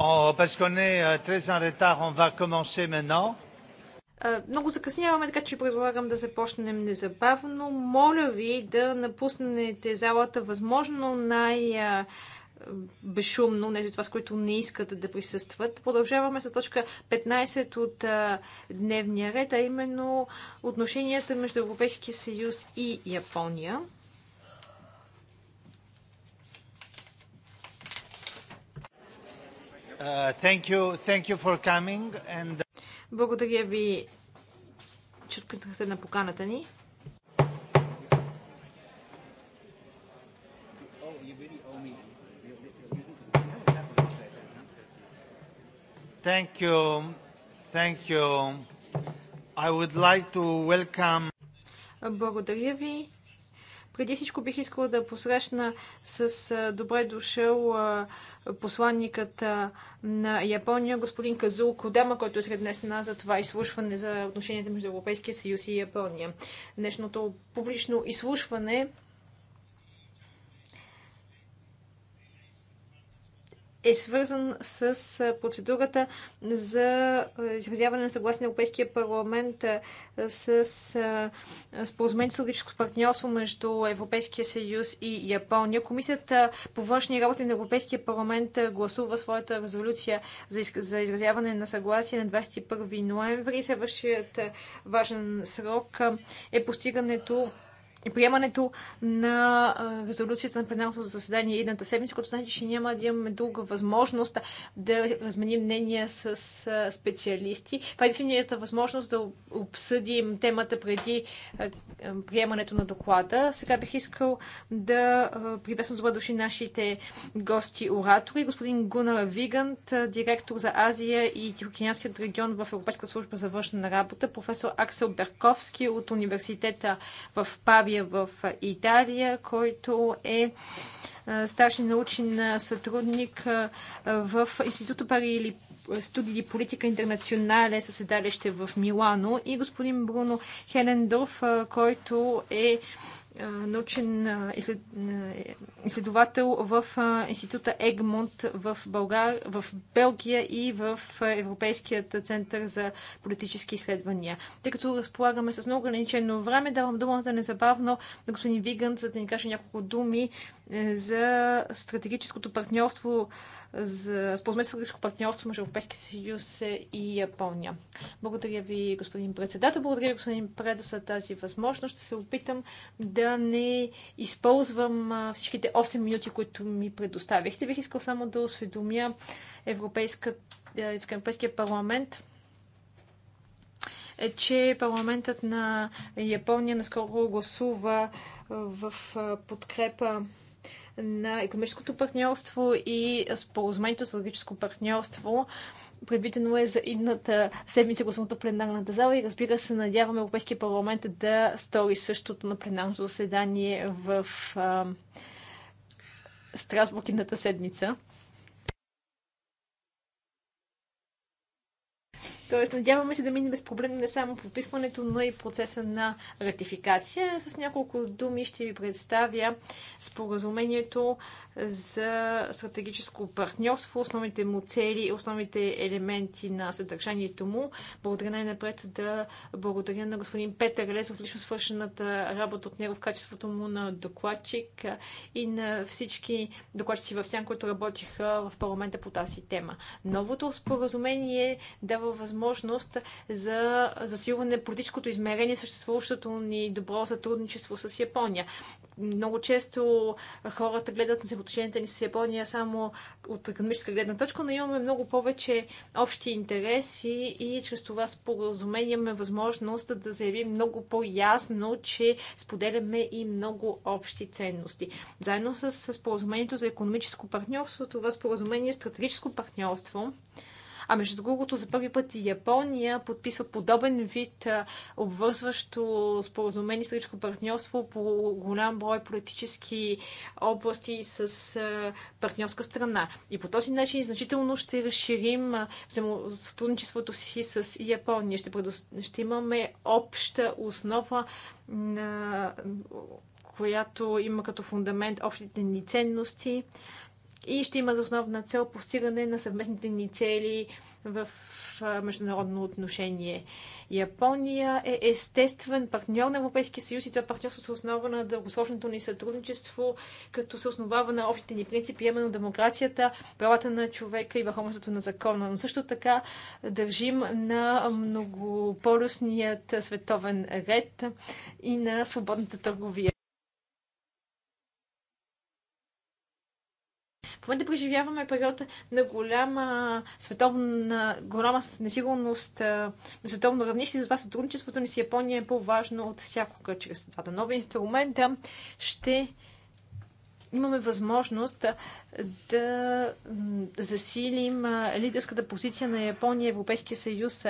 Oh, parce qu'on est euh, très en retard, on va commencer maintenant. Много закъсняваме, така че предлагам да започнем незабавно. Моля ви да напуснете залата възможно най- безшумно, нещо това, с което не искат да присъстват. Продължаваме с точка 15 от дневния ред, а именно отношенията между Европейския съюз и Япония. Thank you, thank you for coming and... Благодаря ви, че откликнахте на поканата ни. Thank you. Thank you. I would like to welcome... Благодаря ви. Преди всичко бих искала да посрещна с добре дошъл посланникът на Япония, господин Казул Кодама, който е сред днес на за това изслушване за отношенията между Европейския съюз и Япония. Днешното публично изслушване е свързан с процедурата за изразяване на съгласие на Европейския парламент с споразумение логическо партньорство между Европейския съюз и Япония. Комисията по външни работи на Европейския парламент гласува своята резолюция за изразяване на съгласие на 21 ноември. Следващият важен срок е постигането и приемането на резолюцията на пленарното заседание едната седмица, като значи, че няма да имаме друга възможност да разменим мнения с специалисти. Това е единствената възможност да обсъдим темата преди приемането на доклада. Сега бих искал да приветствам добре дошли нашите гости-оратори. Господин Гунар Вигант, директор за Азия и Тихоокеанският регион в Европейска служба за външна работа, професор Аксел Берковски от университета в Пави Фабия в Италия, който е, е старши научен сътрудник е, в Института Пари или студии политика интернационале със седалище в Милано и господин Бруно Хелендорф, е, който е научен изследовател в института Егмонт в, Българ... в Белгия и в Европейският център за политически изследвания. Тъй като разполагаме с много ограничено време, давам думата незабавно на господин Виган, за да ни каже няколко думи е, за стратегическото партньорство за споразумението партньорство между Европейския съюз и Япония. Благодаря ви, господин председател. Благодаря ви, господин Преда, за тази възможност. Ще се опитам да не използвам всичките 8 минути, които ми предоставихте. Бих искал само да осведомя Европейска, е, Европейския парламент, е, че парламентът на Япония наскоро гласува в подкрепа на економическото партньорство и споразумението с логическо партньорство. Предвидено е за едната седмица гласното пленарната зала и разбира се, надяваме Европейския парламент да стори същото на пленарното заседание в а, Страсбург едната седмица. Тоест, надяваме се да мине без проблем не само подписването, но и процеса на ратификация. С няколко думи ще ви представя споразумението за стратегическо партньорство, основните му цели основните елементи на съдържанието му. Благодаря най-напред да благодаря на господин Петър Лесов, лично свършената работа от него в качеството му на докладчик и на всички докладчици в Сян, които работиха в парламента по тази тема. Новото споразумение дава възможност възможност за засилване на политическото измерение, съществуващото ни добро сътрудничество с Япония. Много често хората гледат на взаимоотношенията ни с Япония само от економическа гледна точка, но имаме много повече общи интереси и чрез това споразумение имаме възможност да заявим много по-ясно, че споделяме и много общи ценности. Заедно с споразумението за економическо партньорство, това споразумение е стратегическо партньорство, а между другото, за първи път и Япония подписва подобен вид обвързващо споразумение историческо партньорство по голям брой политически области с партньорска страна. И по този начин значително ще разширим сътрудничеството си с Япония. Ще, предо... ще имаме обща основа на която има като фундамент общите ни ценности, и ще има за основна цел постигане на съвместните ни цели в международно отношение. Япония е естествен партньор на Европейския съюз и това партньорство се основа на дългосрочното ни сътрудничество, като се основава на общите ни принципи, именно демокрацията, правата на човека и върховенството на закона. Но също така държим на многополюсният световен ред и на свободната търговия. момента преживяваме период на голяма световна, голяма несигурност на световно равнище, затова сътрудничеството ни с Япония е по-важно от всякога. Чрез двата нови инструмента ще имаме възможност да засилим лидерската позиция на Япония и Европейския съюз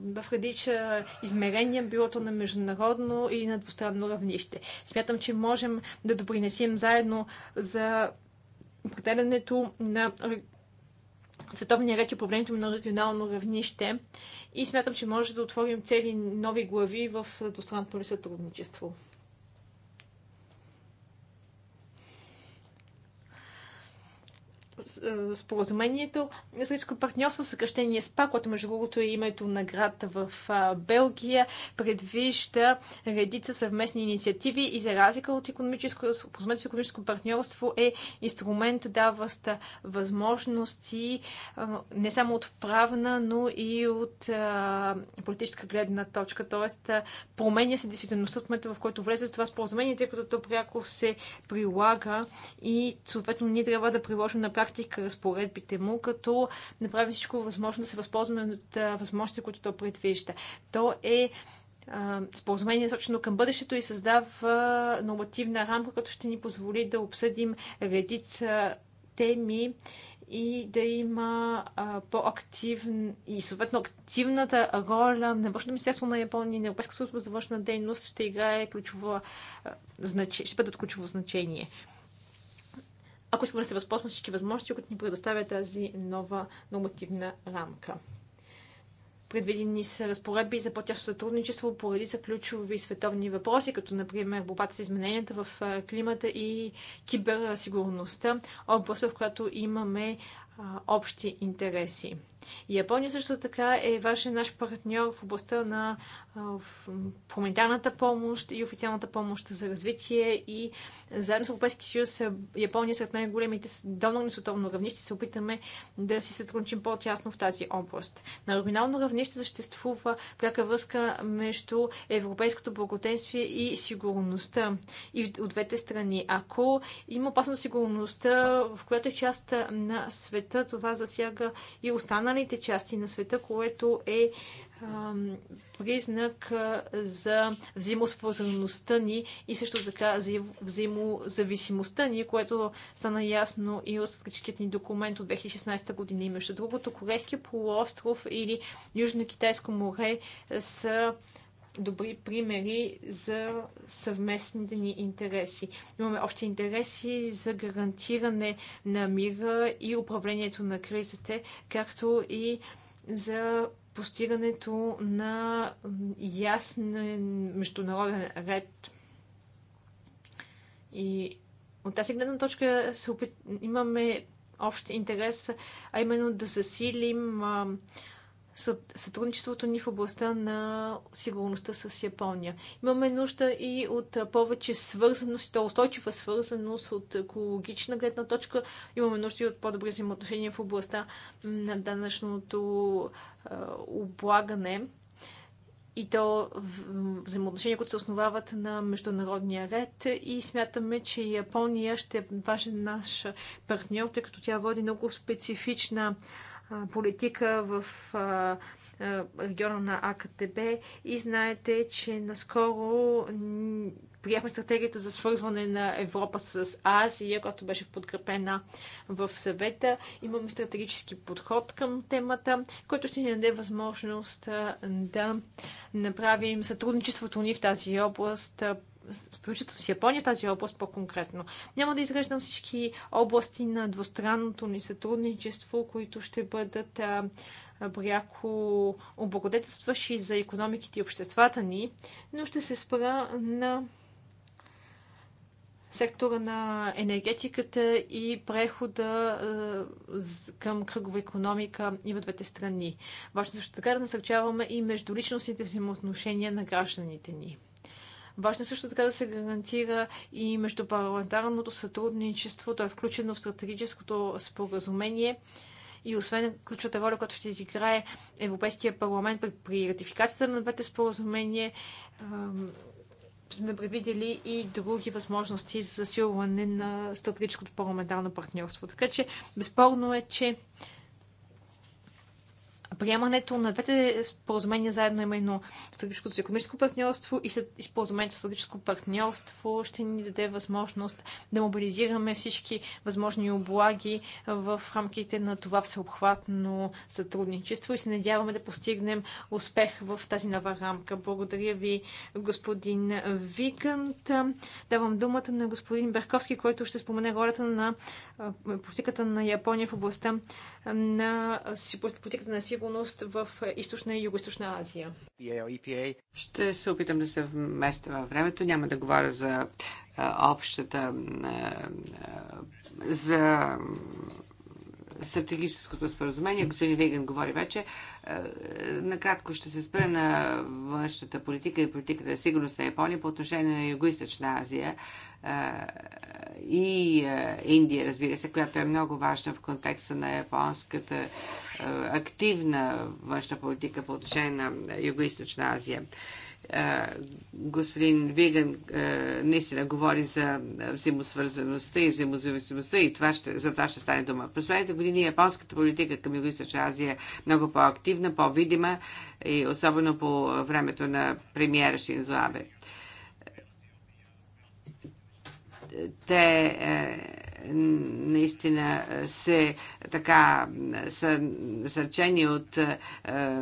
в редича измерения, билото на международно и на двустранно равнище. Смятам, че можем да допринесем заедно за определенето на световния ред и управлението на регионално равнище и смятам, че може да отворим цели нови глави в двустранното ли сътрудничество. Е, споразумението Сръбско партньорство, съкръщение СПА, което между другото е името на град в Белгия, предвижда редица съвместни инициативи и за разлика от економическо, споразумението економическо партньорство е инструмент, даващ възможности не само от правна, но и от политическа гледна точка. Тоест, променя се действителността в момента, в който влезе това споразумение, тъй като то пряко се прилага и съответно ние трябва да приложим на практика практика разпоредбите му, като направим всичко възможно да се възползваме от възможности, които то предвижда. То е споразумение насочено към бъдещето и създава нормативна рамка, която ще ни позволи да обсъдим редица теми и да има по-активна и съответно активната роля на Външно министерство на Япония и на Европейска служба за външна дейност ще играе ключово значение, ще бъдат ключово значение ако искаме да се възползваме всички възможности, които ни предоставя тази нова нормативна рамка. Предвидени са разпоредби за по-тясно сътрудничество по редица ключови световни въпроси, като например борбата с измененията в климата и киберсигурността, област, в която имаме общи интереси. Япония също така е важен наш партньор в областта на хуманитарната помощ и официалната помощ за развитие и заедно с Европейския съюз Япония е сред най-големите донори на световно равнище се опитаме да си сътрудничим по-тясно в тази област. На регионално равнище съществува пряка връзка между европейското благоденствие и сигурността и от двете страни. Ако има опасност сигурността, в която е част на света, това засяга и останалите части на света, което е признак за взаимосвързаността ни и също така за взаимозависимостта ни, което стана ясно и от стратегическият ни документ от 2016 година. И между другото, Корейския полуостров или Южно-Китайско море са добри примери за съвместните ни интереси. Имаме общи интереси за гарантиране на мира и управлението на кризите, както и за постигането на ясен международен ред. И от тази гледна точка се опит... имаме общ интерес, а именно да засилим сътрудничеството ни в областта на сигурността с Япония. Имаме нужда и от повече свързаност, то устойчива свързаност от екологична гледна точка. Имаме нужда и от по-добри взаимоотношения в областта на данъчното облагане и то взаимоотношения, които се основават на международния ред и смятаме, че Япония ще е важен наш партньор, тъй като тя води много специфична политика в региона на АКТБ и знаете, че наскоро приехме стратегията за свързване на Европа с Азия, която беше подкрепена в съвета. Имаме стратегически подход към темата, който ще ни даде възможност да направим сътрудничеството ни в тази област сътрудничеството с Япония тази област по-конкретно. Няма да изреждам всички области на двустранното ни сътрудничество, които ще бъдат пряко облагодетелстващи за економиките и обществата ни, но ще се спра на сектора на енергетиката и прехода към кръгова економика и в двете страни. Важно също така да насърчаваме и междуличностните взаимоотношения на гражданите ни. Важно е също така да се гарантира и междупарламентарното сътрудничество. То е включено в стратегическото споразумение и освен ключовата роля, която ще изиграе Европейския парламент при, при ратификацията на двете споразумения, е, сме предвидели и други възможности за засилване на стратегическото парламентарно партньорство. Така че, безспорно е, че приемането на двете споразумения заедно, именно стратегическото економическо партньорство и споразумението за стратегическо партньорство, ще ни даде възможност да мобилизираме всички възможни облаги в рамките на това всеобхватно сътрудничество и се надяваме да постигнем успех в тази нова рамка. Благодаря ви, господин Викант. Давам думата на господин Берковски, който ще спомене ролята на политиката на Япония в областта на политиката на сигурност в източна и югоисточна Азия. E e ще се опитам да се вместя във времето. Няма да говоря за общата за стратегическото споразумение. Господин Веган говори вече. Накратко ще се спра на външната политика и политиката за сигурност на Япония по отношение на Юго-Источна Азия и Индия, разбира се, която е много важна в контекста на японската активна външна политика по отношение на Юго-Источна Азия господин Виган наистина говори за взаимосвързаността и взаимозависимостта и това ще, за това ще стане дума. През последните години японската политика към Юго-Источна Азия е много по-активна, по-видима и особено по времето на премиера Шинзо Абе те е, наистина се така са насърчени от е, е,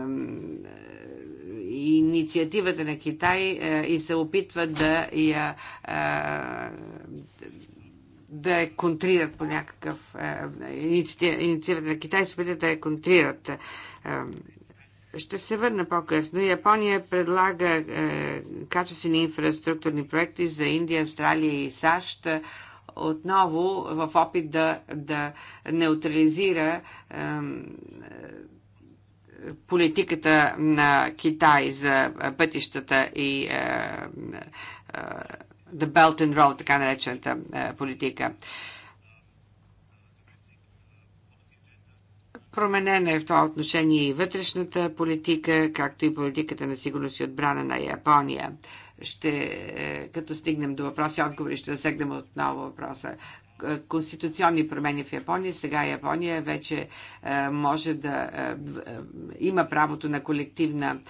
инициативата на Китай и се опитват да я да я контрират по някакъв инициативата на Китай се опитват да я контрират ще се върна по-късно. Япония предлага е, качествени инфраструктурни проекти за Индия, Австралия и САЩ е, отново в опит да, да неутрализира е, е политиката на Китай за пътищата и е, е, е, The Belt and Road, така наречената е, политика. Е, Променена е в това отношение и вътрешната политика, както и политиката на сигурност и отбрана на Япония. Ще, е, като стигнем до въпроси и отговори, ще засегнем отново въпроса. Е, конституционни промени в Япония. Сега Япония вече е, може да е, има правото на колективна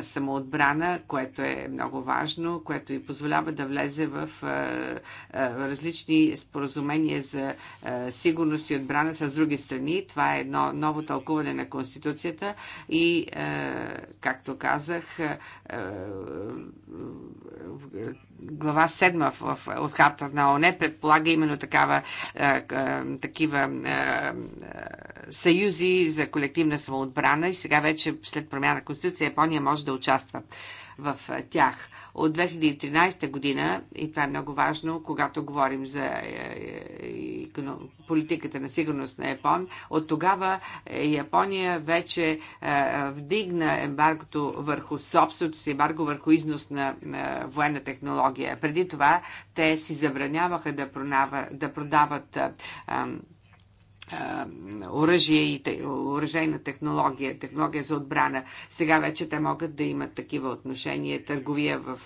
самоотбрана, което е много важно, което и позволява да влезе в различни споразумения за сигурност и отбрана с други страни. Това е едно ново тълкуване на Конституцията и, както казах, глава 7 в, в, от харта на ОНЕ предполага именно такава, е, е, такива е, съюзи за колективна самоотбрана и сега вече след промяна на Конституция Япония може да участва в тях от 2013 година, и това е много важно, когато говорим за е, е, политиката на сигурност на Япон, от тогава е, Япония вече вдигна ембаргото върху собственото си ембарго, върху износ на военна технология. Преди това те си забраняваха да, продават да продават оръжие и оръжейна технология, технология за отбрана. Сега вече те могат да имат такива отношения, търговия в,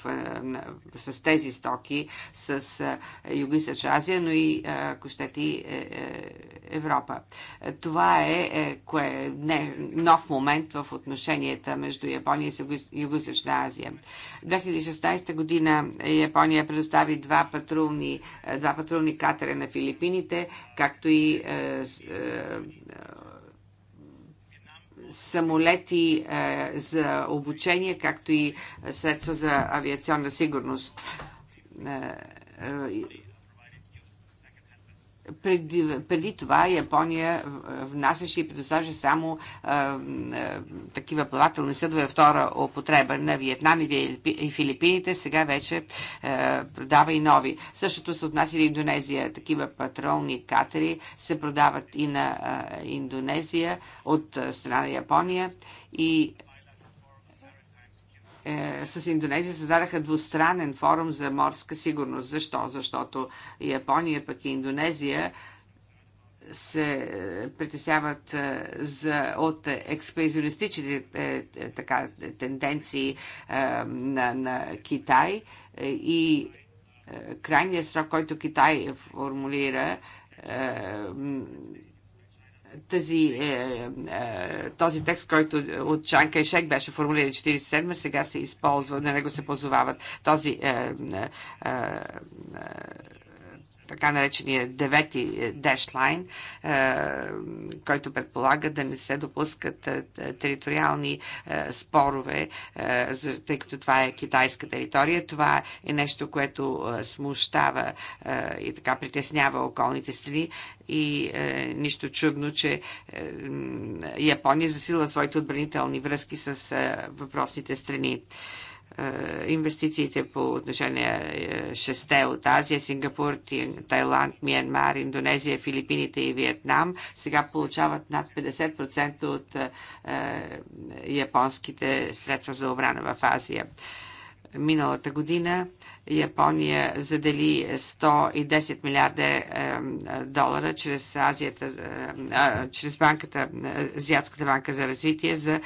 с тези стоки с Юго Азия, но и, ако щете, ти е, е, Европа. Това е, е, кое, е не, нов момент в отношенията между Япония и Юго Азия. 2016 година Япония предостави два патрулни, два патрулни катера на Филипините, както и е, е, самолети е, за обучение, както и средства за авиационна сигурност преди, преди това Япония внасяше и предоставяше само а, а, такива плавателни съдове втора употреба на Виетнам и Филипините. Сега вече а, продава и нови. Същото се отнася и Индонезия. Такива патролни катери се продават и на а, Индонезия от страна на Япония. И е, с Индонезия създадаха двустранен форум за морска сигурност. Защо? Защото Япония, пък и Индонезия се е, притесяват е, за, от експезионистичните така, тенденции на, на Китай и крайният срок, който Китай формулира тази, е, е, този текст, който от Чан Кайшек беше формулиран 47, сега се използва, на него се позовават този е, е, е, така наречения девети дешлайн, е, който предполага да не се допускат е, е, териториални спорове, тъй като това е китайска територия. Това е нещо, което смущава и така притеснява околните страни и е, нищо чудно, че е, Япония засила своите отбранителни връзки с е, въпросните страни инвестициите по отношение шесте от Азия, Сингапур, Тайланд, Миенмар, Индонезия, Филипините и Виетнам, сега получават над 50% от японските средства за обрана в Азия. Миналата година Япония задели 110 милиарда е, долара чрез, Азията, е, чрез банката, е, Азиатската банка за развитие за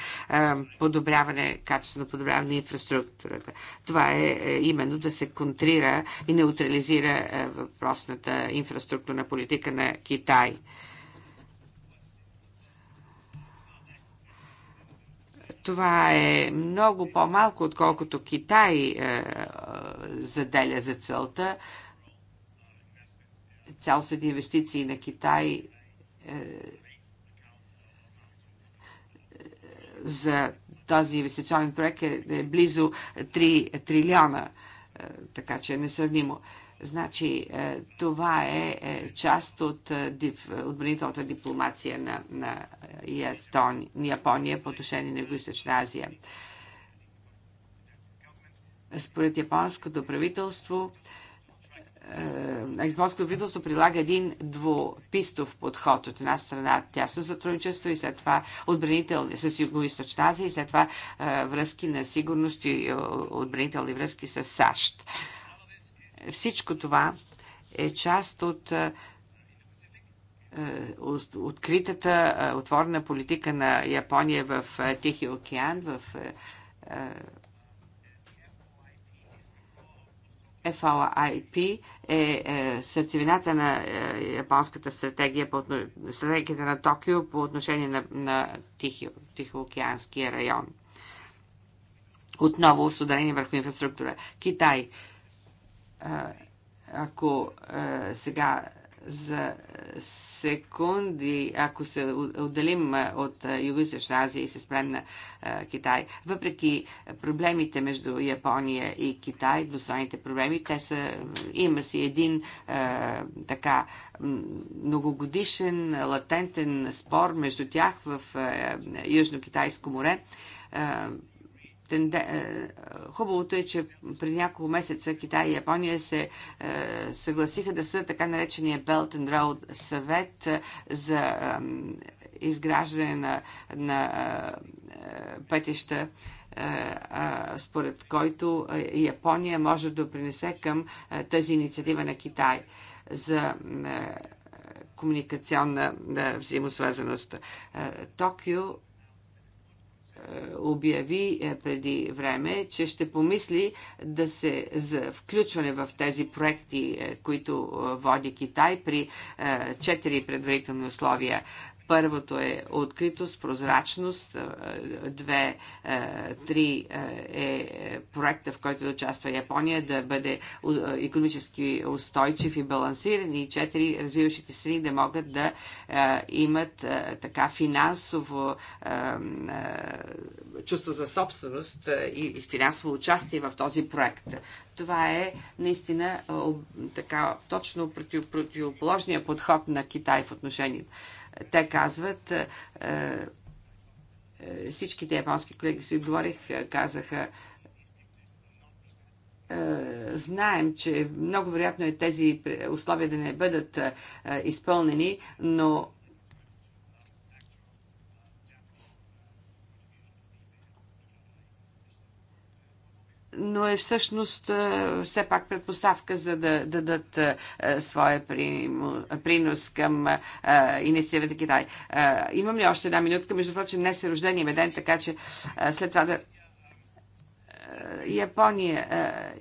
подобряване, качествено подобряване на инфраструктурата. Това е именно да се контрира и неутрализира въпросната инфраструктурна политика на Китай. Това е много по-малко, отколкото Китай е, заделя за целта. Цял съд инвестиции на Китай е, за този инвестиционен проект е, е близо 3 трилиона, е, така че е несравнимо. Значи, е, това е, е част от е, отбранителната дипломация на, на Япония по отношение на Юго-Источна Азия. Според японското правителство, е, Японското правителство прилага един двупистов подход. От една страна тясно сътрудничество и след това отбранителни с Юго-Источна Азия и след това е, връзки на сигурност и е, отбранителни връзки с САЩ. Всичко това е част от е, откритата, отворена политика на Япония в Тихия океан, в FOIP е, е сърцевината на е, японската стратегия по стратегията на Токио по отношение на, на Тихи, Тихоокеанския район. Отново с ударение върху инфраструктура. Китай. Е, ако е, сега за секунди, ако се отделим от Юго-Источна Азия и се спрем на Китай, въпреки проблемите между Япония и Китай, двустранните проблеми, те са, има си един така многогодишен латентен спор между тях в Южно-Китайско море. Е, хубавото е, че при няколко месеца Китай и Япония се е, съгласиха да са така наречения Belt and Road съвет за изграждане на, на е, пътища според който Япония може да принесе към тази инициатива на Китай за комуникационна взаимосвързаност. Токио обяви е, преди време, че ще помисли да се за включване в тези проекти, е, които е, води Китай при четири предварителни условия Първото е откритост, прозрачност, е, две, е, три е, е проекта, в който да участва Япония, да бъде економически устойчив и балансиран и четири развиващите страни да могат да имат така финансово чувство за собственост и финансово участие в този проект. Това е наистина така точно противоположния подход на Китай в отношението те казват, е, е, всичките японски колеги, си отговорих, е, казаха, знаем, че много вероятно е тези условия да не бъдат изпълнени, но но е всъщност е, все пак предпоставка за да дадат е, е, своя принос към инициативата Китай. Имам ли още една минутка? Между прочим, днес е рождения ми ден, така че след това да... Япония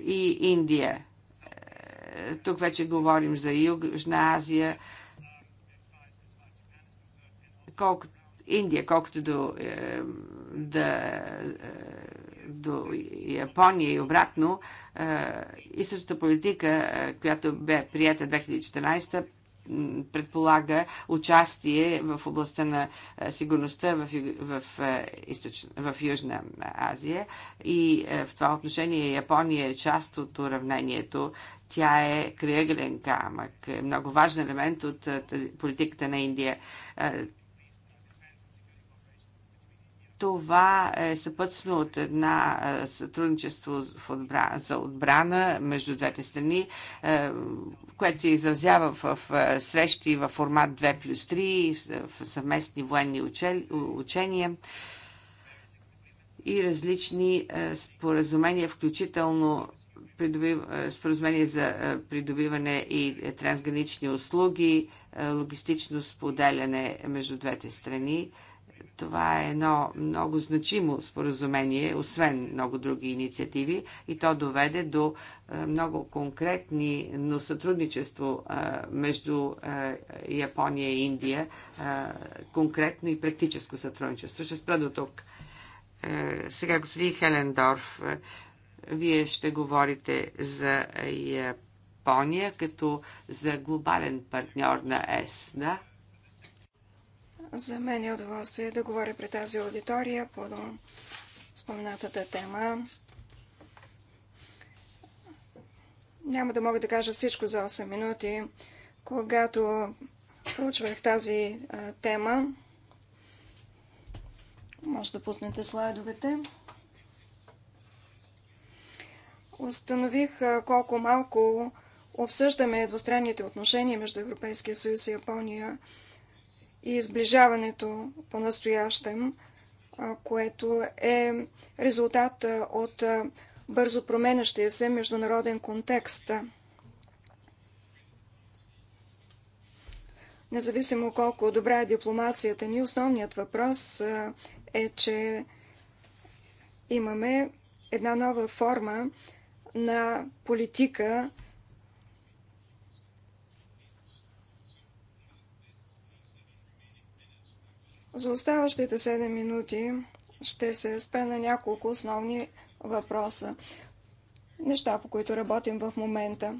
и Индия. Тук вече говорим за Южна Азия. Колкото Индия, колкото до да до Япония и обратно, е, източната политика, е, която бе прията 2014 предполага участие в областта на е, сигурността в, в, източ... в Южна Азия. И в това отношение Япония е част от уравнението. Тя е крайъгълен камък, много важен елемент от политиката на Индия. Това е съпътствано от една е, сътрудничество за отбрана между двете страни, е, което се изразява в е, срещи в формат 2 плюс 3, в съвместни военни учения и различни споразумения, включително споразумение за придобиване и трансгранични услуги, логистично споделяне между двете страни това е едно много значимо споразумение, освен много други инициативи, и то доведе до е, много конкретни, но сътрудничество е, между е, Япония и Индия, конкретно и практическо сътрудничество. Ще спра до тук. Сега, господин Хелендорф, вие ще говорите за Япония като за глобален партньор на ЕС, да? За мен е удоволствие да говоря пред тази аудитория по спомнатата тема. Няма да мога да кажа всичко за 8 минути. Когато проучвах тази тема, може да пуснете слайдовете. Установих колко малко обсъждаме двустранните отношения между Европейския съюз и Япония – и сближаването по-настоящем, което е резултат от бързо променящия се международен контекст. Независимо колко добра е дипломацията ни, основният въпрос е, че имаме една нова форма на политика За оставащите 7 минути ще се спе на няколко основни въпроса. Неща, по които работим в момента.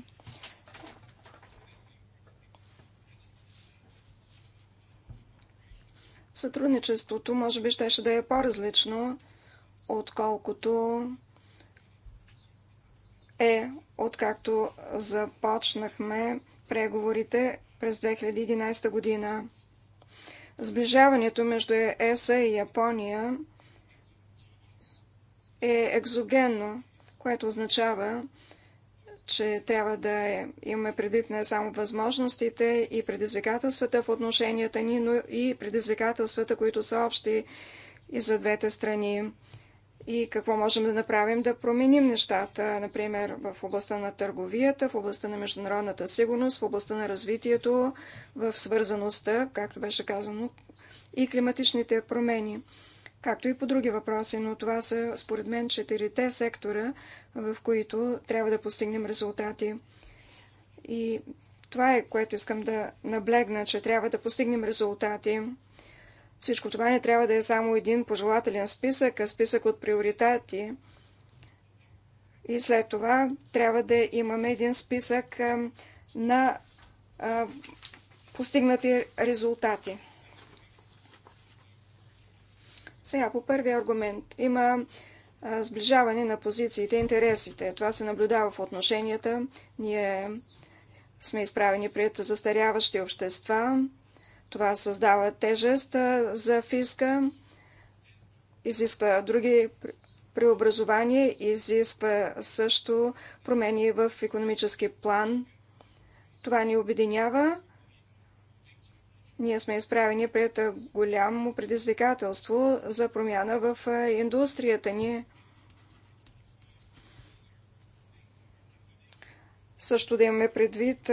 Сътрудничеството може би щеше да е по-различно, отколкото е, откакто започнахме преговорите през 2011 година. Сближаването между ЕСА и Япония е екзогенно, което означава, че трябва да имаме предвид не само възможностите и предизвикателствата в отношенията ни, но и предизвикателствата, които са общи и за двете страни и какво можем да направим да променим нещата, например в областта на търговията, в областта на международната сигурност, в областта на развитието, в свързаността, както беше казано, и климатичните промени, както и по други въпроси, но това са според мен четирите сектора, в които трябва да постигнем резултати. И това е, което искам да наблегна, че трябва да постигнем резултати. Всичко това не трябва да е само един пожелателен списък, а списък от приоритети. И след това трябва да имаме един списък на постигнати резултати. Сега по първия аргумент. Има сближаване на позициите и интересите. Това се наблюдава в отношенията. Ние сме изправени пред застаряващи общества. Това създава тежест за фиска, изисква други преобразования, изисква също промени в економически план. Това ни обединява. Ние сме изправени пред голямо предизвикателство за промяна в индустрията ни. Също да имаме предвид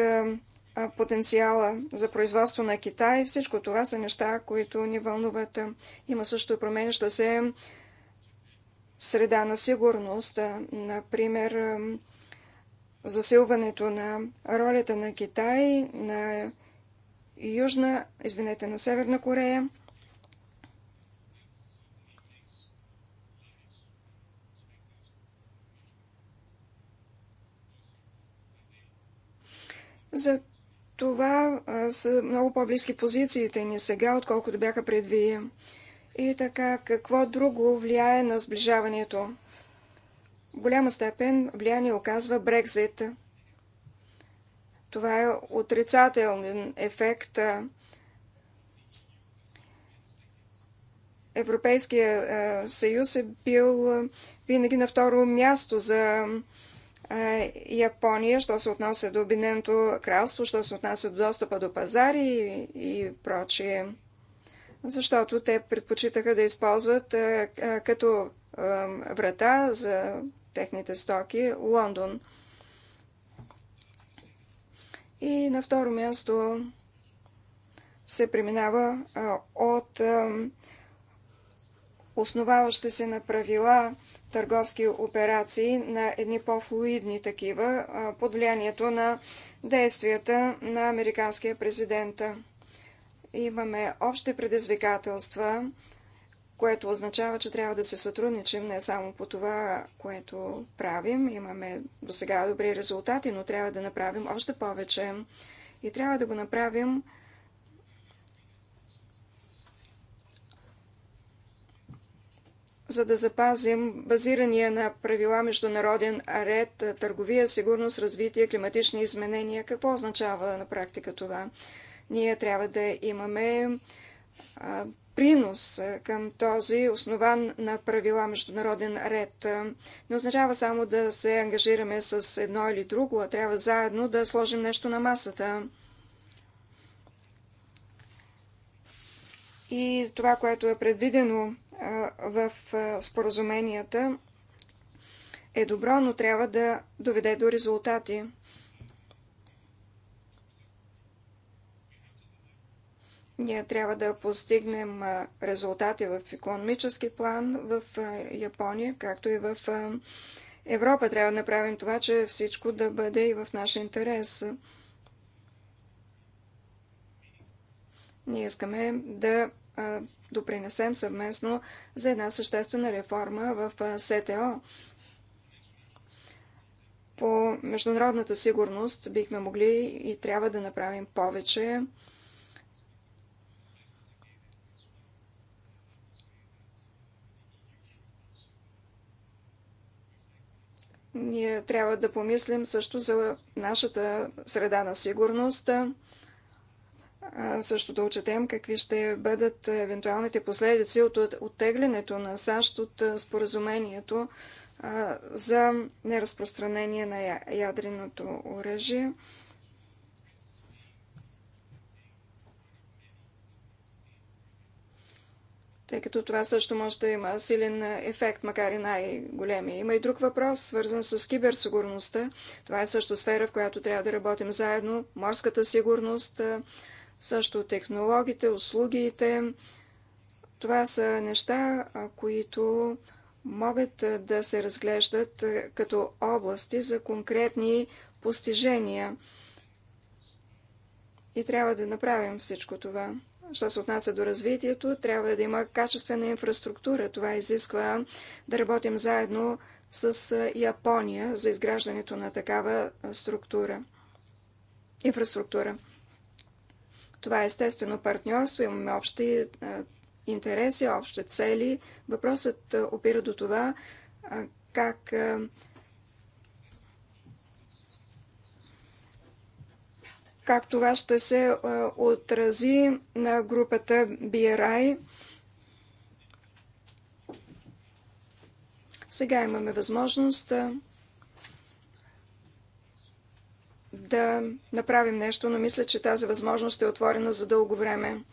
потенциала за производство на Китай. Всичко това са неща, които ни вълнуват. Има също променяща се среда на сигурност. Например, засилването на ролята на Китай, на Южна, извинете, на Северна Корея. За това а, са много по-близки позициите ни сега, отколкото бяха предви. И така, какво друго влияе на сближаването? В голяма степен влияние оказва Брекзит. Това е отрицателен ефект. Европейския съюз е бил винаги на второ място за Япония, що се отнася до Обединеното кралство, що се отнася до достъпа до пазари и, и прочие. Защото те предпочитаха да използват а, а, като а, врата за техните стоки Лондон. И на второ място се преминава а, от а, основаващи се на правила търговски операции на едни по-флуидни такива под влиянието на действията на американския президента. Имаме общи предизвикателства, което означава, че трябва да се сътрудничим не само по това, което правим. Имаме до сега добри резултати, но трябва да направим още повече. И трябва да го направим за да запазим базирания на правила международен ред, търговия, сигурност, развитие, климатични изменения. Какво означава на практика това? Ние трябва да имаме принос към този основан на правила международен ред. Не означава само да се ангажираме с едно или друго, а трябва заедно да сложим нещо на масата. И това, което е предвидено в споразуменията е добро, но трябва да доведе до резултати. Ние трябва да постигнем резултати в економически план в Япония, както и в Европа. Трябва да направим това, че всичко да бъде и в наш интерес. Ние искаме да допринесем съвместно за една съществена реформа в СТО. По международната сигурност бихме могли и трябва да направим повече. Ние трябва да помислим също за нашата среда на сигурност също да отчетем какви ще бъдат евентуалните последици от оттеглянето на САЩ от споразумението за неразпространение на ядреното оръжие. Тъй като това също може да има силен ефект, макар и най-големия. Има и друг въпрос, свързан с киберсигурността. Това е също сфера, в която трябва да работим заедно. Морската сигурност, също технологите, услугите. Това са неща, които могат да се разглеждат като области за конкретни постижения. И трябва да направим всичко това. Що се отнася до развитието, трябва да има качествена инфраструктура. Това изисква да работим заедно с Япония за изграждането на такава структура. Инфраструктура. Това е естествено партньорство, имаме общи е, интереси, общи цели. Въпросът е, опира до това е, как как това ще се отрази на групата BRI. Сега имаме възможност да направим нещо, но мисля, че тази възможност е отворена за дълго време.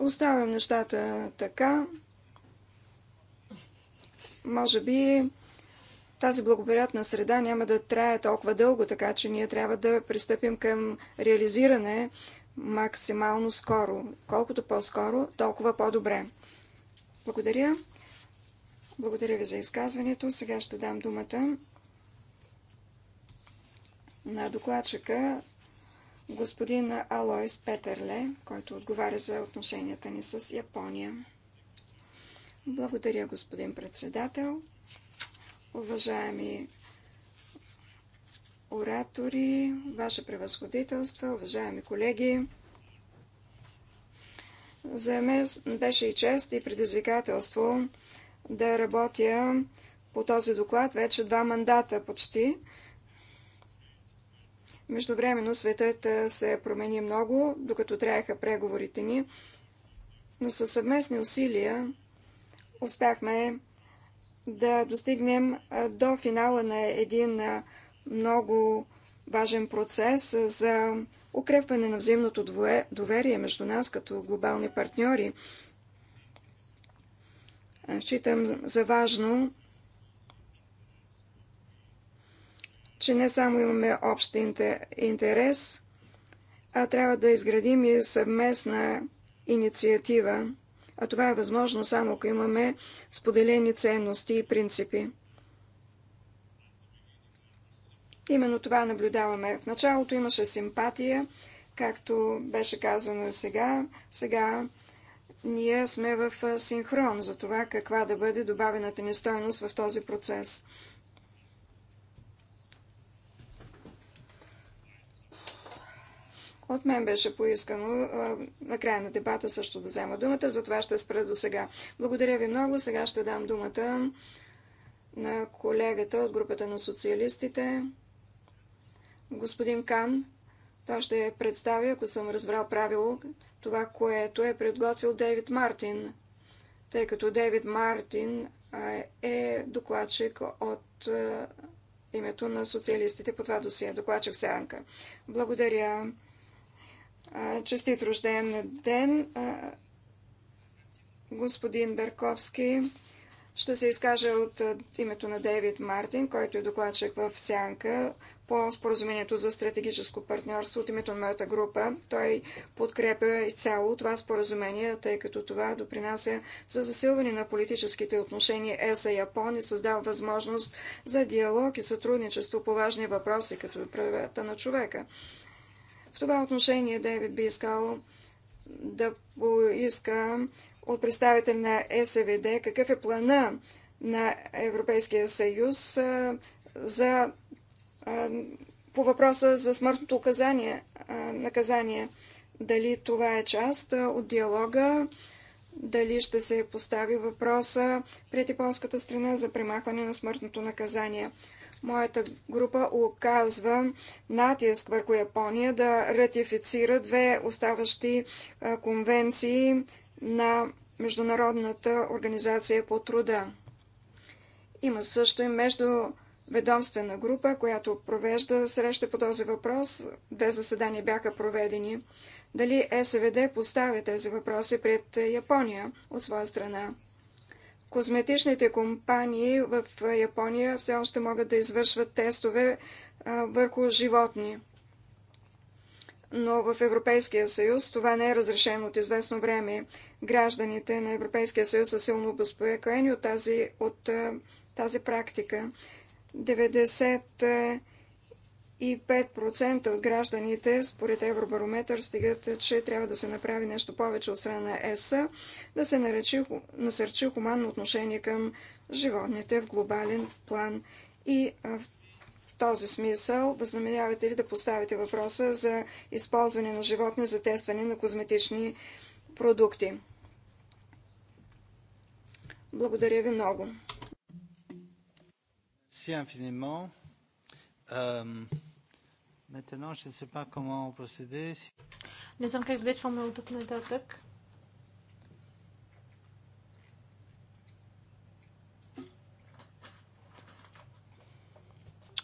Оставям нещата така. Може би тази благоприятна среда няма да трае толкова дълго, така че ние трябва да пристъпим към реализиране максимално скоро. Колкото по-скоро, толкова по-добре. Благодаря. Благодаря ви за изказването. Сега ще дам думата на докладчика господин Алойс Петърле, който отговаря за отношенията ни с Япония. Благодаря, господин председател. Уважаеми оратори, ваше превъзходителство, уважаеми колеги, за мен беше и чест и предизвикателство да работя по този доклад вече два мандата почти. Междувременно светът се промени много, докато трябваха преговорите ни, но със съвместни усилия успяхме да достигнем до финала на един много важен процес за укрепване на взаимното доверие между нас като глобални партньори. Е, считам за важно, че не само имаме общ интерес, а трябва да изградим и съвместна инициатива. А това е възможно само ако имаме споделени ценности и принципи. Именно това наблюдаваме. В началото имаше симпатия, както беше казано и сега. Сега ние сме в синхрон за това каква да бъде добавената ни стойност в този процес. От мен беше поискано на края на дебата също да взема думата, затова ще спра до сега. Благодаря ви много. Сега ще дам думата на колегата от групата на социалистите, господин Кан. Той ще представи, ако съм разбрал правило, това, което е предготвил Дейвид Мартин, тъй като Дейвид Мартин е докладчик от името на социалистите по това досие. Докладчик Сянка. Благодаря. Честит рожден ден. Господин Берковски ще се изкаже от името на Дейвид Мартин, който е докладчик в Сянка по споразумението за стратегическо партньорство от името на моята група. Той подкрепя изцяло това споразумение, тъй като това допринася за засилване на политическите отношения ЕСА и Япония, създава възможност за диалог и сътрудничество по важни въпроси, като е правата на човека. В това отношение Дейвид би искал да поиска от представител на СВД какъв е плана на Европейския съюз за по въпроса за смъртното указание, наказание. Дали това е част от диалога, дали ще се постави въпроса пред японската страна за премахване на смъртното наказание. Моята група оказва натиск върху Япония да ратифицира две оставащи конвенции на Международната организация по труда. Има също и между ведомствена група, която провежда среща по този въпрос. Две заседания бяха проведени. Дали СВД поставя тези въпроси пред Япония от своя страна? Козметичните компании в Япония все още могат да извършват тестове върху животни. Но в Европейския съюз това не е разрешено от известно време. Гражданите на Европейския съюз са силно обеспокоени от тази, от тази практика. 95% от гражданите, според Евробарометър, стигат, че трябва да се направи нещо повече от страна на ЕС, да се наречи, насърчи хуманно отношение към животните в глобален план. И в този смисъл възнамерявате ли да поставите въпроса за използване на животни за тестване на козметични продукти? Благодаря ви много. Merci infiniment. Euh, maintenant, je ne sais pas comment procéder. Не знам как действаме от тук нататък.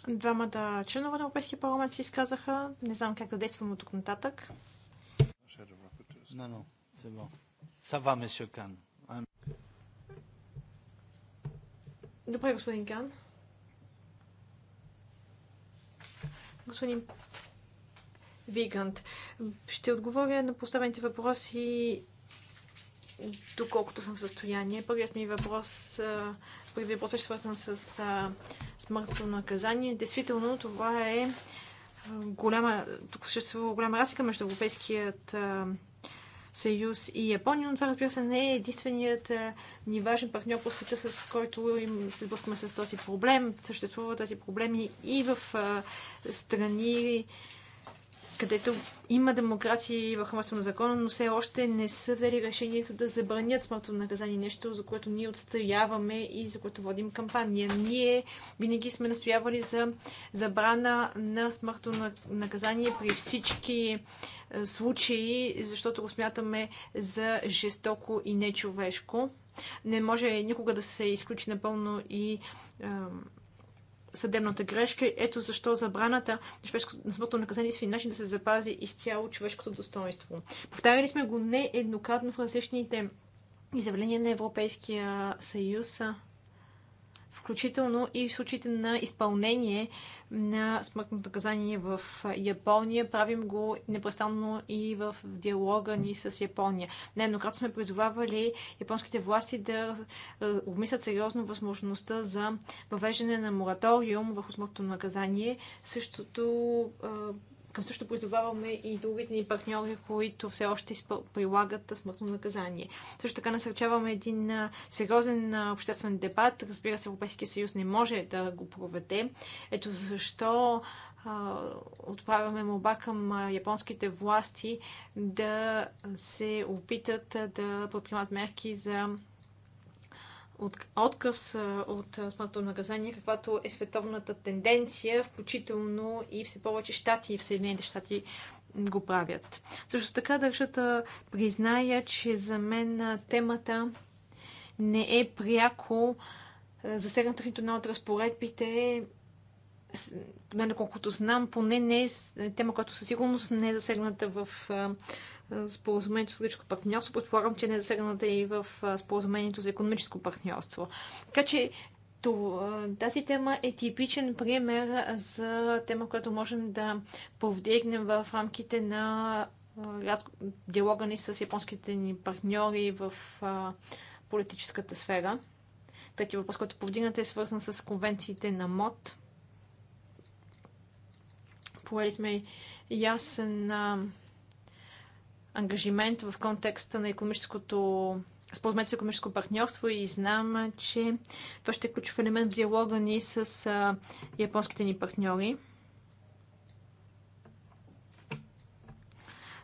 Двамата членове на Европейския парламент се изказаха. Не знам как да действаме от тук нататък. Не, не, c'est Добре, господин Кан. Господин Вигант, ще отговоря на поставените въпроси доколкото съм в състояние. Първият ми въпрос, първият въпрос беше свързан с смъртното наказание. Действително, това е голяма, тук съществува голяма разлика между Европейският а, съюз и Япония, но това разбира се не е единственият ни важен партньор по света, с който им се сблъскваме с този проблем. съществуват тези проблеми и в страни, където има демокрация и върховенство на закона, но все още не са взели решението да забранят смъртно наказание, нещо, за което ние отстояваме и за което водим кампания. Ние винаги сме настоявали за забрана на смъртно наказание при всички е, случаи, защото го смятаме за жестоко и нечовешко. Не може никога да се изключи напълно и е, съдебната грешка. Ето защо забраната на, шведско, на смъртно наказание е начин да се запази изцяло човешкото достоинство. Повтаряли сме го нееднократно в различните изявления на Европейския съюз включително и в случаите на изпълнение на смъртно наказание в Япония. Правим го непрестанно и в диалога ни с Япония. Нееднократно сме призовавали японските власти да обмислят сериозно възможността за въвеждане на мораториум върху смъртното наказание. Същото към също призоваваме и другите ни партньори, които все още прилагат смъртно наказание. Също така насърчаваме един сериозен обществен дебат. Разбира се, Европейския съюз не може да го проведе. Ето защо отправяме молба към японските власти да се опитат да предприемат мерки за от, отказ от смъртното наказание, каквато е световната тенденция, включително и все повече щати в Съединените щати го правят. Също така държата, призная, че за мен темата не е пряко засегната в нито една от разпоредбите, доколкото знам, поне не е тема, която със сигурност не е засегната в споразумението с лично партньорство. Предполагам, че не е засегната и в споразумението за економическо партньорство. Така че тази тема е типичен пример за тема, която можем да повдигнем в рамките на диалога ни с японските ни партньори в политическата сфера. Третия въпрос, който повдигнате, е свързан с конвенциите на МОД. Поели сме ясен ангажимент в контекста на економическото споразумение за економическо партньорство и знам, че това ще е ключов елемент в диалога ни с японските ни партньори.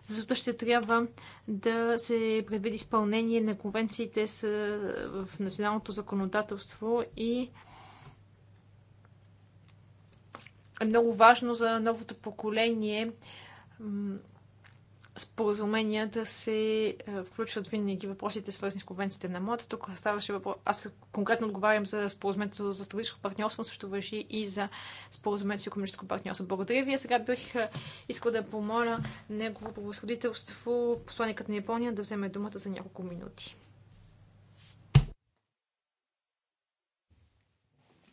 Защото ще трябва да се предвиди изпълнение на конвенциите в националното законодателство и е много важно за новото поколение споразумения да се е, включват винаги въпросите, свързани с конвенциите на МОД. Тук ставаше въпрос. Аз конкретно отговарям за споразумението за стратегическо партньорство, също въжи и за споразумението за економическо партньорство. Благодаря ви. сега бих е, искал да помоля негово превъзходителство, посланникът на Япония, да вземе думата за няколко минути.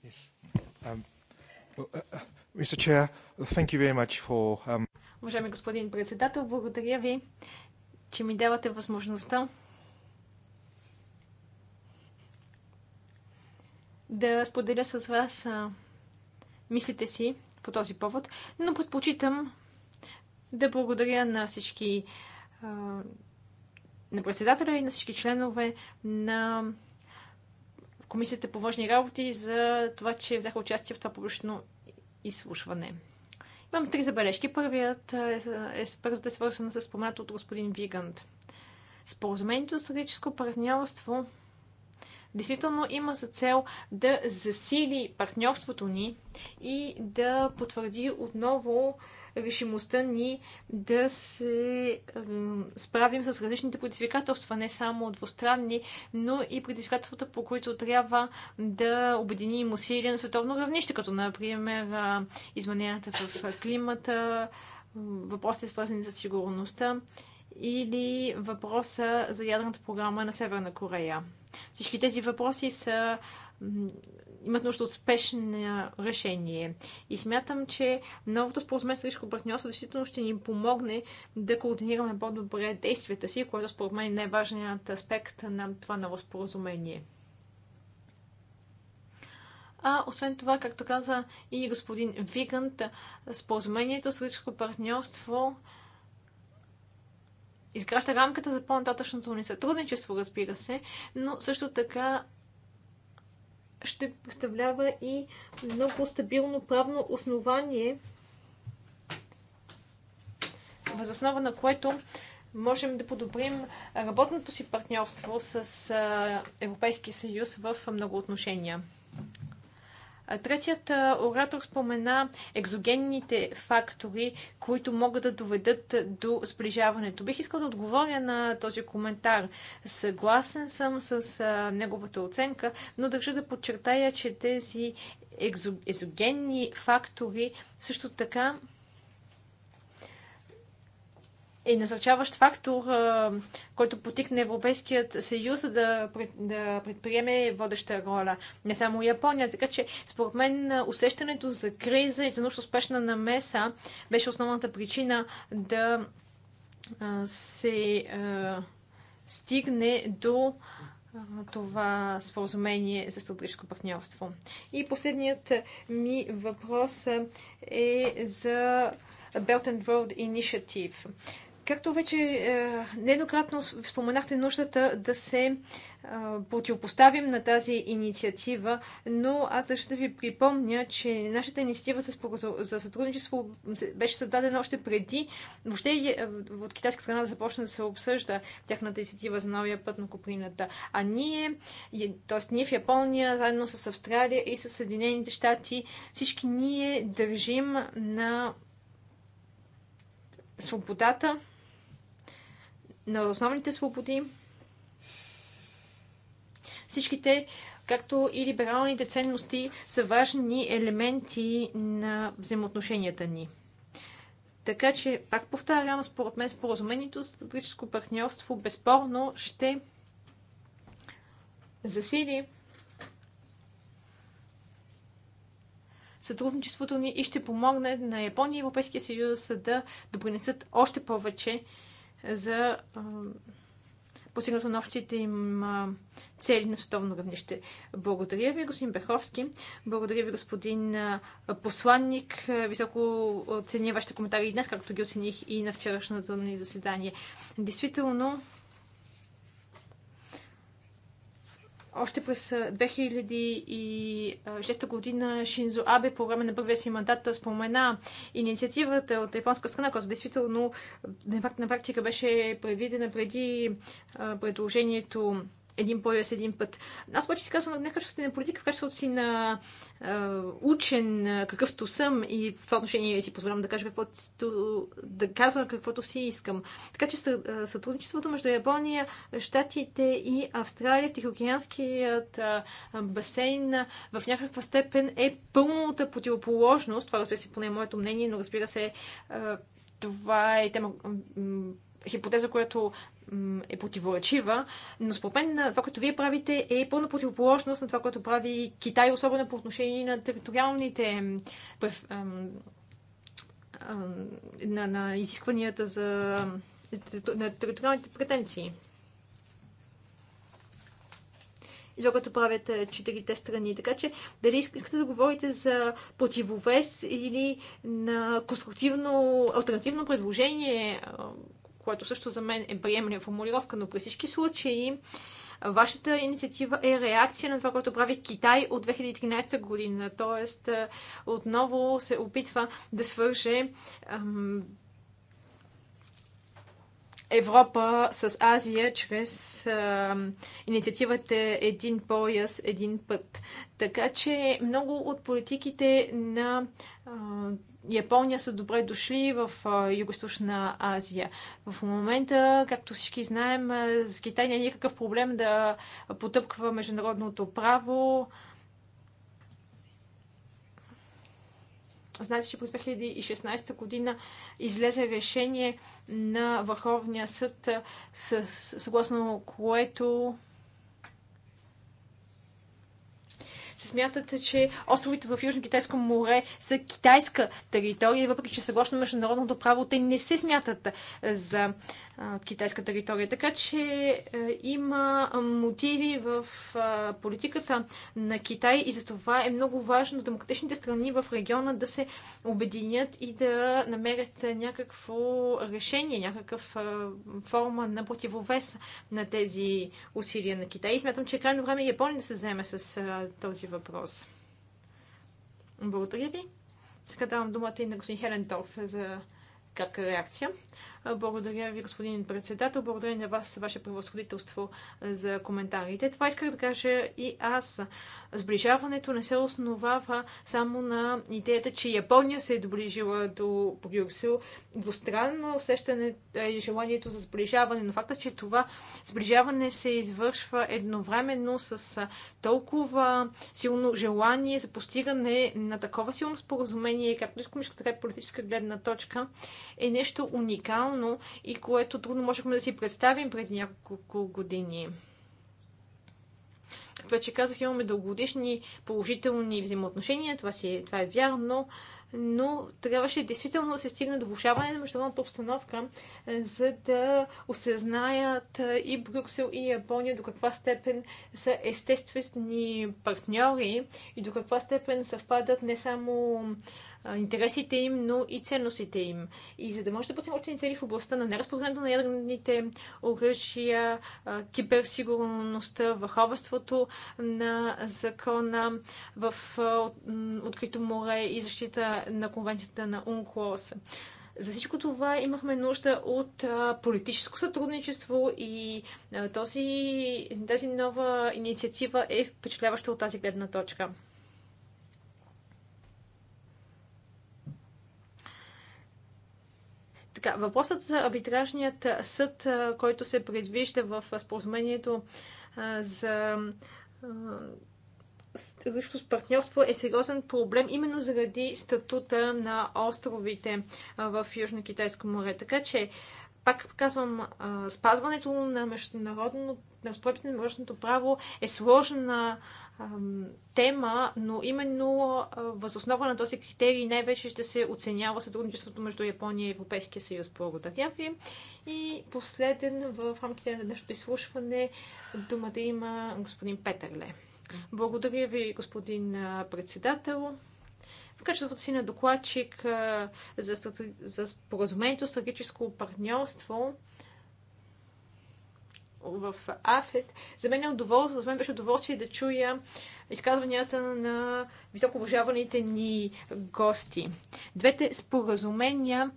Yes. Um, well, uh, uh, Mr. Chair, thank you very much for um... Уважаеми господин председател, благодаря ви, че ми давате възможността да споделя с вас а, мислите си по този повод, но предпочитам да благодаря на всички а, на председателя и на всички членове на Комисията по външни работи за това, че взеха участие в това публично изслушване. Имам три забележки. Първият е, е, е, е свързан с спомената от господин Вигант. Споразумението за стратегическо партньорство действително има за цел да засили партньорството ни и да потвърди отново решимостта ни да се справим с различните предизвикателства, не само двустранни, но и предизвикателствата, по които трябва да обединим усилия на световно равнище, като например измененията в климата, въпросите свързани с сигурността или въпроса за ядрената програма на Северна Корея. Всички тези въпроси са имат нужда от спешно решение. И смятам, че новото споразумение с партньорство действително ще ни помогне да координираме по-добре действията си, което според мен е най-важният аспект на това ново споразумение. А освен това, както каза и господин Вигант, споразумението с Рижко партньорство изгражда рамката за по-нататъчното ни сътрудничество, разбира се, но също така ще представлява и много стабилно правно основание, възоснова на което можем да подобрим работното си партньорство с Европейския съюз в много отношения. Третият оратор спомена екзогенните фактори, които могат да доведат до сближаването. Бих искал да отговоря на този коментар. Съгласен съм с неговата оценка, но държа да подчертая, че тези екзогенни фактори също така е насърчаващ фактор, който потикне Европейският съюз да, да предприеме водеща роля. Не само Япония. Така че, според мен, усещането за криза и за нужда успешна намеса беше основната причина да се стигне до това споразумение за стратегическо партньорство. И последният ми въпрос е за Belt and Road Initiative. Както вече е, недократно споменахте нуждата да се е, противопоставим на тази инициатива, но аз държа да ви припомня, че нашата инициатива за, за сътрудничество беше създадена още преди въобще е, от китайска страна да започне да се обсъжда тяхната инициатива за новия път на Куприната. А ние, т.е. ние в Япония, заедно с Австралия и с Съединените щати, всички ние държим на свободата на основните свободи. всичките, както и либералните ценности, са важни елементи на взаимоотношенията ни. Така че, пак повтарям, според мен споразумението за стратегическо партньорство безспорно ще засили сътрудничеството ни и ще помогне на Япония и Европейския съюз да допринесат още повече за постигнато на общите им цели на световно равнище. Благодаря ви, господин Беховски. Благодаря ви, господин посланник. Високо оценя вашите коментари и днес, както ги оцених и на вчерашното ни заседание. Действително, Още през 2006 година Шинзо Абе по време на първия си мандат спомена инициативата от японска страна, която действително на практика беше предвидена преди предложението един пояс един път. Аз обаче си казвам, не в качеството е на политика, в качеството си на е, учен, какъвто съм и в това отношение си позволявам да кажа каквото, да казвам каквото си искам. Така че сътрудничеството между Япония, Штатите и Австралия в Тихоокеанският басейн в някаква степен е пълната противоположност. Това разбира се поне е моето мнение, но разбира се е, това е тема, хипотеза, която е противоречива, но според мен това, което вие правите е пълна противоположност на това, което прави Китай, особено по отношение на териториалните на, на изискванията за на териториалните претенции. И това, което правят четирите страни. Така че, дали искате да говорите за противовес или на конструктивно, альтернативно предложение което също за мен е приемлива формулировка, но при всички случаи Вашата инициатива е реакция на това, което прави Китай от 2013 година. Тоест, отново се опитва да свърже ам, Европа с Азия чрез ам, инициативата Един пояс, един път. Така че много от политиките на ам, Япония са добре дошли в Юго-Источна Азия. В момента, както всички знаем, с Китай не е никакъв проблем да потъпква международното право. Знаете, че през 2016 година излезе решение на Върховния съд, съгласно което се смятате, че островите в Южно-Китайско море са китайска територия, въпреки че съгласно международното право те не се смятат за китайска територия. Така че е, има мотиви в политиката на Китай и за това е много важно демократичните страни в региона да се обединят и да намерят някакво решение, някакъв форма на противовес на тези усилия на Китай. И смятам, че е крайно време Япония да се вземе с този въпрос. Благодаря ви. Сега давам думата и на господин Хелендорф за кратка реакция. Благодаря ви, господин председател. Благодаря на вас, ваше превъзходителство, за коментарите. Това исках да кажа и аз. Сближаването не се основава само на идеята, че Япония се е доближила до Брюксел. Двустранно усещане е желанието за сближаване, но факта, че това сближаване се извършва едновременно с толкова силно желание за постигане на такова силно споразумение, както искам, така и политическа гледна точка, е нещо уникално реално и което трудно можехме да си представим преди няколко години. Както вече казах, имаме дългогодишни положителни взаимоотношения, това, си, това е вярно, но трябваше действително да се стигне до влушаване на международната обстановка, за да осъзнаят и Брюксел, и Япония до каква степен са естествени партньори и до каква степен съвпадат не само интересите им, но и ценностите им. И за да може да постигнем общи цели в областта на неразпространението на ядрените оръжия, киберсигурността, върховенството на закона в открито море и защита на конвенцията на УНКЛОС. За всичко това имахме нужда от политическо сътрудничество и този, тази нова инициатива е впечатляваща от тази гледна точка. Така, въпросът за арбитражният съд, който се предвижда в споразумението за с партньорство е сериозен проблем именно заради статута на островите в Южно-Китайско море. Така че, пак казвам, спазването на международното на на международното право е сложна тема, но именно възоснова на този критерий най-вече ще се оценява сътрудничеството между Япония и Европейския съюз. Благодаря ви. И последен в рамките на днешното изслушване думата има господин Петърле. Благодаря ви, господин председател. В качеството си на докладчик за, за споразумението стратегическо партньорство, в АФЕТ. За мен, е удоволствие, за мен беше удоволствие да чуя изказванията на високо уважаваните ни гости. Двете споразумения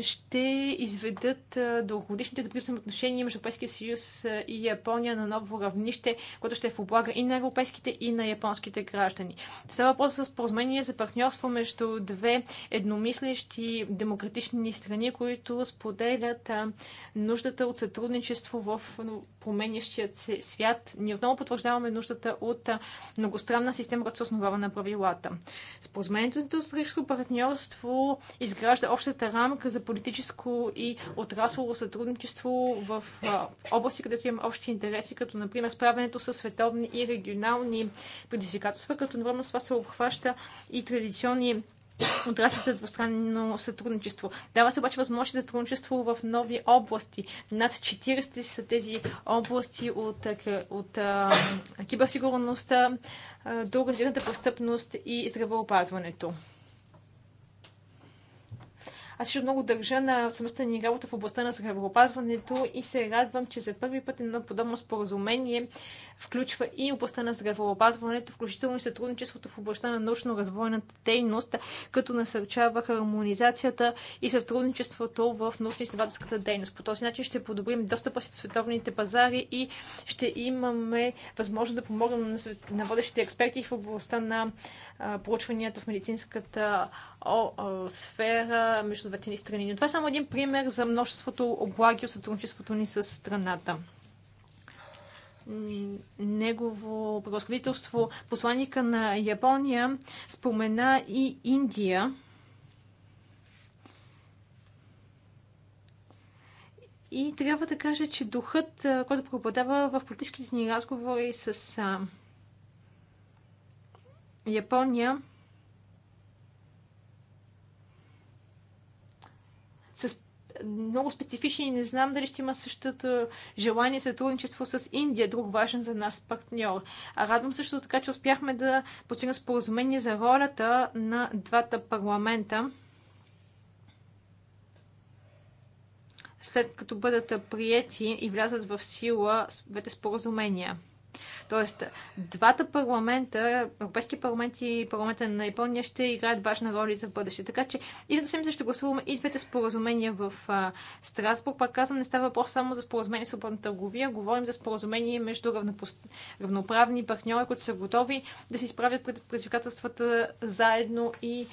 ще изведат дългогодишните добри взаимоотношения между Европейския съюз и Япония на ново равнище, което ще е в облага и на европейските, и на японските граждани. Става въпрос за споразумение за партньорство между две едномислещи демократични страни, които споделят нуждата от сътрудничество в променящият се свят. Ние отново потвърждаваме нуждата от многостранна система, която се основава на правилата. Споразумението срещу партньорство изгражда общата рамка за политическо и отраслово сътрудничество в области, където имаме общи интереси, като например справянето с световни и регионални предизвикателства, като едновременно с това се обхваща и традиционни отрасли за двустранно сътрудничество. Дава се обаче възможност за сътрудничество в нови области. Над 40 са тези области от, от а, киберсигурността до организираната престъпност и здравеопазването. Аз също много държа на съместна ни работа в областта на здравеопазването и се радвам, че за първи път едно подобно споразумение включва и областта на здравеопазването, включително и сътрудничеството в областта на научно-развойната дейност, като насърчава хармонизацията и сътрудничеството в научно-изследователската дейност. По този начин ще подобрим достъпа си до световните пазари и ще имаме възможност да помогнем на водещите експерти в областта на проучванията в медицинската о, о, сфера между двете ни страни. Но това е само един пример за множеството облаги от сътрудничеството ни с страната негово превъзходителство, посланника на Япония, спомена и Индия. И трябва да кажа, че духът, който преобладава в политическите ни разговори с Япония, много специфични и не знам дали ще има същото желание за сътрудничество с Индия, друг важен за нас партньор. А радвам също така, че успяхме да постигнем споразумение за ролята на двата парламента. след като бъдат приети и влязат в сила двете споразумения. Тоест, двата парламента, Европейския парламент и парламента на Япония, ще играят важна роля за бъдеще. Така че и да седмица ще гласуваме и двете споразумения в а, Страсбург. Пак казвам, не става въпрос само за споразумение с свободна търговия, говорим за споразумение между равнопос... равноправни партньори, които са готови да се изправят пред предизвикателствата заедно и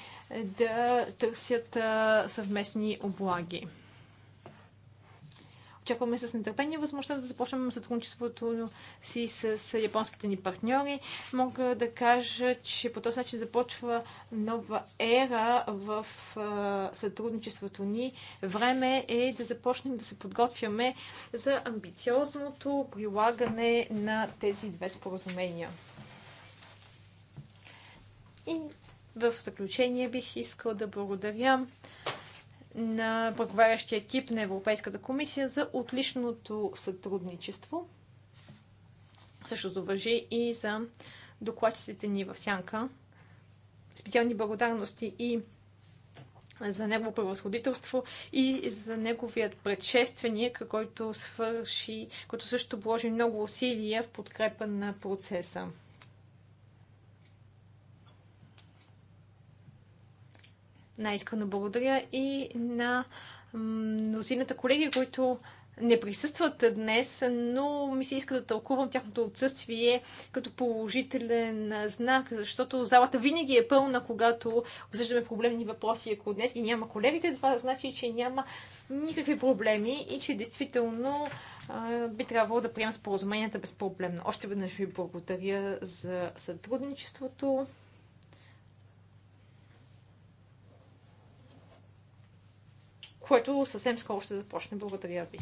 да търсят а, съвместни облаги. Очакваме с нетърпение възможността да започнем сътрудничеството си с японските ни партньори. Мога да кажа, че по този начин започва нова ера в сътрудничеството ни. Време е да започнем да се подготвяме за амбициозното прилагане на тези две споразумения. И в заключение бих искал да благодаря на преговарящия екип на Европейската комисия за отличното сътрудничество. Същото въжи и за докладчиците ни в Сянка. Специални благодарности и за негово превъзходителство и за неговият предшественик, който свърши, който също положи много усилия в подкрепа на процеса. Най-искрено благодаря и на мнозината колеги, които не присъстват днес, но ми се иска да тълкувам тяхното отсъствие като положителен знак, защото залата винаги е пълна, когато обсъждаме проблемни въпроси. Ако днес ги няма колегите, това значи, че няма никакви проблеми и че действително би трябвало да приемам споразуменията безпроблемно. Още веднъж ви благодаря за сътрудничеството. което съвсем скоро ще започне. Благодаря ви.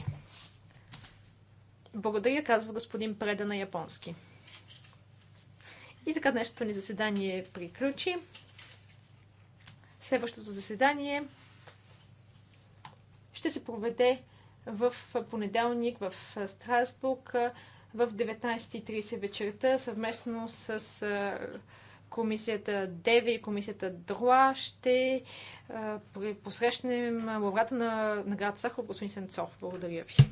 Благодаря, казва господин Преда на японски. И така днешното ни заседание приключи. Следващото заседание ще се проведе в понеделник в Страсбург в 19.30 вечерта съвместно с комисията ДЕВИ и комисията ДРОА ще посрещнем лаврата на награда Сахар, господин Сенцов. Благодаря ви.